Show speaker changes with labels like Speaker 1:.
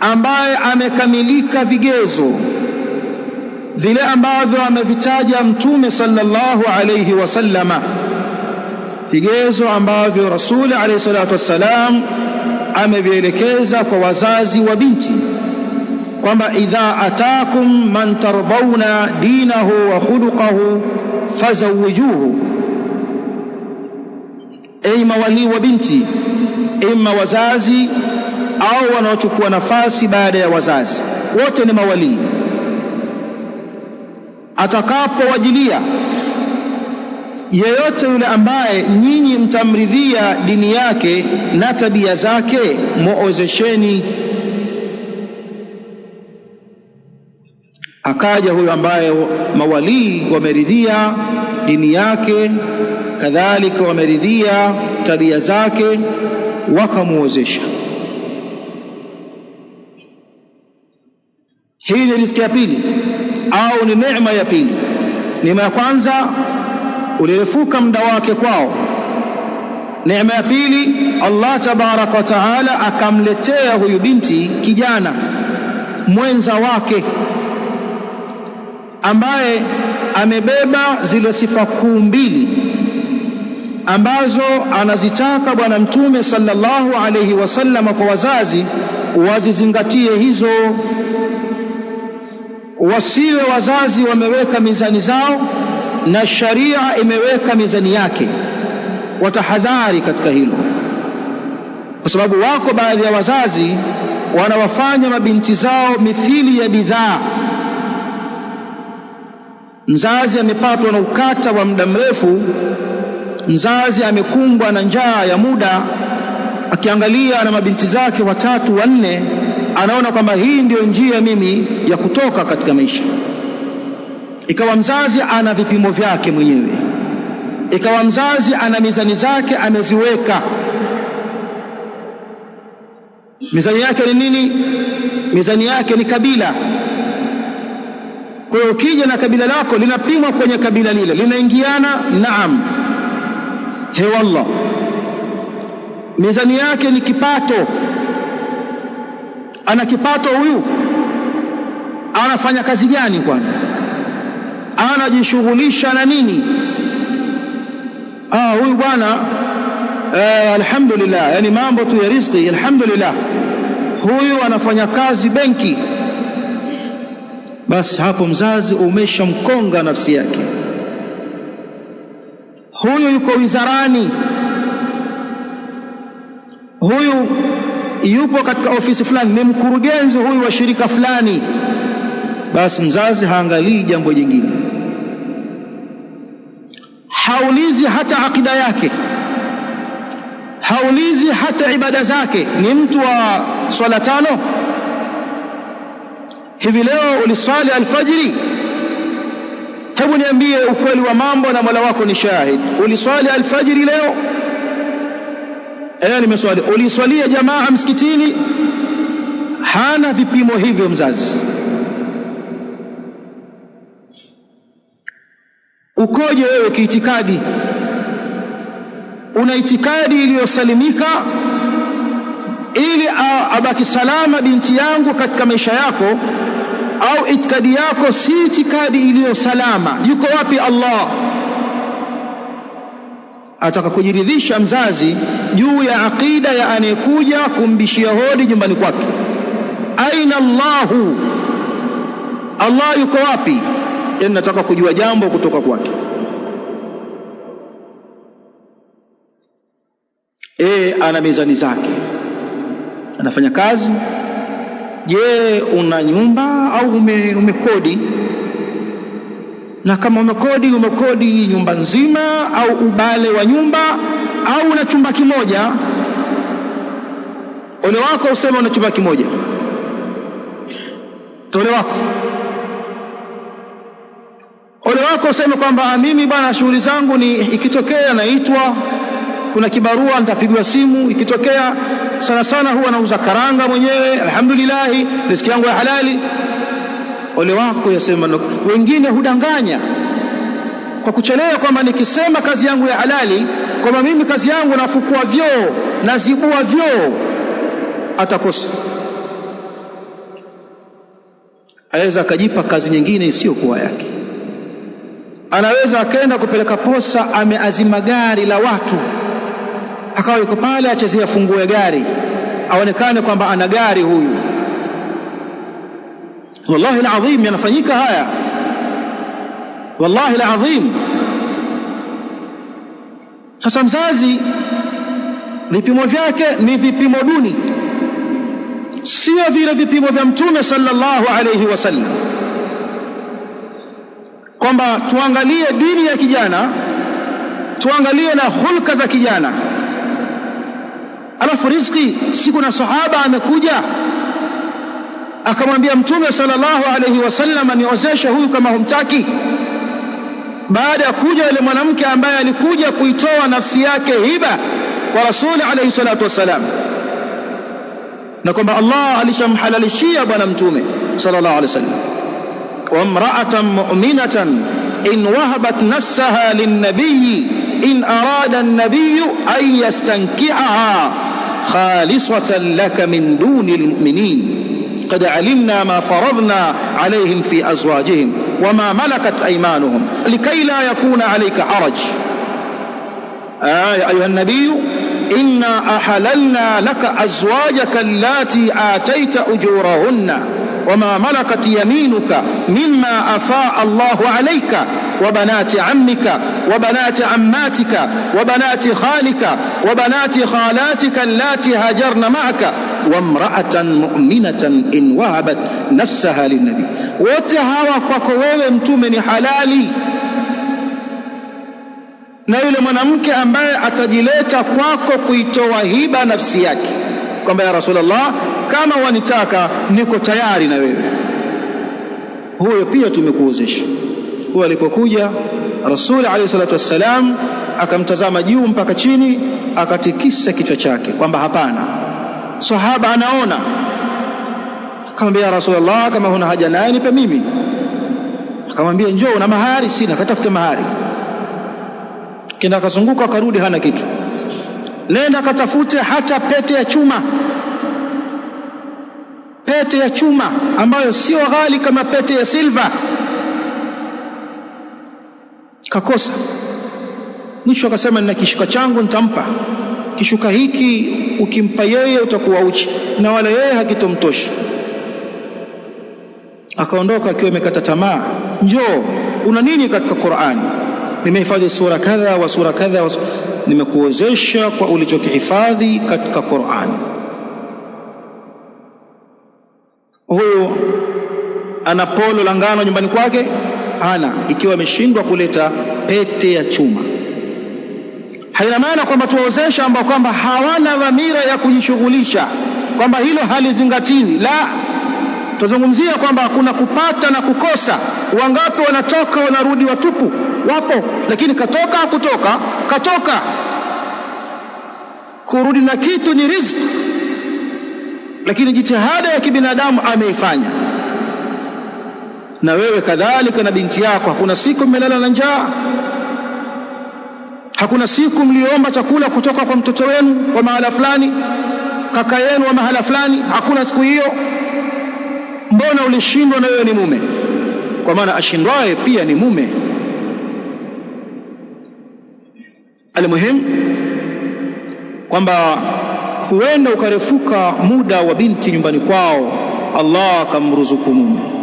Speaker 1: ambaye amekamilika vigezo vile ambavyo amevitaja Mtume sallallahu alayhi wasallama, vigezo ambavyo Rasuli alayhi salatu wassalam amevielekeza kwa wazazi wa binti kwamba idha atakum man tardhauna dinahu wa khuluqahu fazawijuhu, enyi mawalii wa binti, ima e wazazi au wanaochukua nafasi baada ya wazazi, wote ni mawalii. Atakapowajilia yeyote yule ambaye nyinyi mtamridhia dini yake na tabia zake, muozesheni. Akaja huyo ambaye mawalii wameridhia dini yake, kadhalika wameridhia tabia zake, wakamuozesha. Hii ni riziki ya pili au ni neema ya pili. Neema ya kwanza ulirefuka muda wake kwao. Neema ya pili, Allah tabaraka wa taala akamletea huyu binti kijana mwenza wake ambaye amebeba zile sifa kuu mbili ambazo anazitaka Bwana Mtume sallallahu alayhi wasallam kwa wazazi wazizingatie hizo wasiwe wazazi wameweka mizani zao na sharia imeweka mizani yake. Watahadhari katika hilo, kwa sababu wako baadhi ya wazazi wanawafanya mabinti zao mithili ya bidhaa. Mzazi amepatwa na ukata wa muda mrefu, mzazi amekumbwa na njaa ya muda, akiangalia na mabinti zake watatu wanne anaona kwamba hii ndiyo njia mimi ya kutoka katika maisha. Ikawa mzazi ana vipimo vyake mwenyewe, ikawa mzazi ana mizani zake ameziweka. Mizani yake ni nini? Mizani yake ni kabila. Kwa hiyo ukija na kabila lako linapimwa kwenye kabila lile, linaingiana naam, he wallah. Mizani yake ni kipato ana kipato huyu? Anafanya kazi gani? Kwani anajishughulisha na nini? Ah, huyu bwana eh, alhamdulillah, yani mambo tu ya riziki, alhamdulillah. Huyu anafanya kazi benki, basi hapo mzazi umeshamkonga nafsi yake. Huyu yuko wizarani, huyu yupo katika ofisi fulani, ni mkurugenzi huyu wa shirika fulani, basi mzazi haangalii jambo jingine, haulizi hata akida yake, haulizi hata ibada zake, ni mtu wa swala tano hivi leo uliswali alfajiri? Hebu niambie ukweli wa mambo, na Mola wako ni shahid. Uliswali alfajiri leo? Eh, ni maswali Uliswalia jamaa msikitini, hana vipimo hivyo mzazi. Ukoje wewe kiitikadi? Una itikadi iliyosalimika ili abaki salama binti yangu katika maisha yako, au itikadi yako si itikadi iliyo salama? Yuko wapi Allah? ataka kujiridhisha mzazi juu ya aqida ya anayekuja kumbishia hodi nyumbani kwake. Aina Allahu, Allah yuko wapi? Yani nataka kujua jambo kutoka kwake. E, ana mizani zake, anafanya kazi. Je, una nyumba au umekodi ume na kama umekodi, umekodi nyumba nzima au ubale wa nyumba au una chumba kimoja. Ole wako useme una chumba kimoja, ole wako ole wako useme kwamba ah, mimi bwana, shughuli zangu ni ikitokea naitwa, kuna kibarua nitapigwa simu. Ikitokea sana sana huwa nauza karanga mwenyewe, alhamdulillah, riziki yangu ya halali ole wako, yasema wengine. Hudanganya kwa kuchelewa kwamba nikisema kazi yangu ya halali, kwamba mimi kazi yangu nafukua vyoo, nazibua vyoo, atakosa aweza akajipa kazi nyingine isiyokuwa yake. Anaweza akaenda kupeleka posa, ameazima gari la watu, akawa yuko pale achezea funguo ya gari, aonekane kwamba ana gari huyu Wallahi ladhim yanafanyika haya, wallahi ladhim Sasa mzazi vipimo vyake ni vipimo duni, sio vile vipimo vya Mtume sallallahu alayhi wasallam, kwamba tuangalie dini ya kijana, tuangalie na hulka za kijana, alafu riziki. siku na sahaba amekuja akamwambia Mtume sallallahu alaihi wasallam, niozeshe huyu kama humtaki. Baada ya kuja yule mwanamke ambaye alikuja kuitoa nafsi yake hiba kwa Rasuli alaihi salatu wassalam, na kwamba Allah alishamhalalishia bwana Mtume sallallahu alaihi wasallam, wa mraatan mu'minatan in wahabat nafsaha linnabiyi in arada nabiyu an yastankihaha khalisatan laka min duni lmuminin قد علمنا ما فرضنا عليهم في أزواجهم وما ملكت أيمانهم لكي لا يكون عليك حرج آه أيها النبي إنا أحللنا لك أزواجك اللاتي آتيت أجورهن وما ملكت يمينك مما أفاء الله عليك وبنات عمك وبنات عماتك وبنات خالك وبنات خالاتك اللاتي هاجرن معك wa mraatan mu'minatan in wahabat nafsaha linnabi, wote hawa kwako wewe Mtume ni halali, na yule mwanamke ambaye atajileta kwako kuitoa hiba nafsi yake kwamba ya Rasulullah, kama wanitaka niko tayari na wewe, huyo pia tumekuozesha. Huyo alipokuja Rasuli alayhi salatu wassalam akamtazama juu mpaka chini, akatikisa kichwa chake kwamba hapana sahaba anaona, akamwambia ya Rasulullah, kama huna haja naye nipe mimi. Akamwambia njoo, una mahari? Sina. Katafute mahari. Kenda akazunguka akarudi, hana kitu. Nenda katafute hata pete ya chuma, pete ya chuma ambayo sio ghali kama pete ya silva. Kakosa. Mwisho akasema, nina kishuka changu nitampa kishuka hiki ukimpa yeye utakuwa uchi na wala yeye hakitomtoshi. Akaondoka akiwa amekata tamaa. Njoo, una nini katika Qur'ani? Nimehifadhi sura kadha wa sura kadha nimekuozesha kwa ulichokihifadhi katika Qur'ani. Huyu ana polo la ngano nyumbani kwake, ana ikiwa ameshindwa kuleta pete ya chuma haina maana kwamba tuwawezesha ambao kwamba hawana dhamira ya kujishughulisha, kwamba hilo halizingatiwi. La, tuzungumzia kwamba kuna kupata na kukosa. Wangapi wanatoka wanarudi watupu? Wapo, lakini katoka kutoka katoka, kurudi na kitu ni riziki, lakini jitihada ya kibinadamu ameifanya. Na wewe kadhalika na binti yako, hakuna siku mmelala na njaa Hakuna siku mliomba chakula kutoka kwa mtoto wenu wa mahala fulani, kaka yenu wa mahala fulani? Hakuna siku hiyo? Mbona ulishindwa na wewe ni mume? Kwa maana ashindwaye pia ni mume. Almuhimu kwamba huenda ukarefuka muda wa binti nyumbani kwao, Allah akamruzuku mume.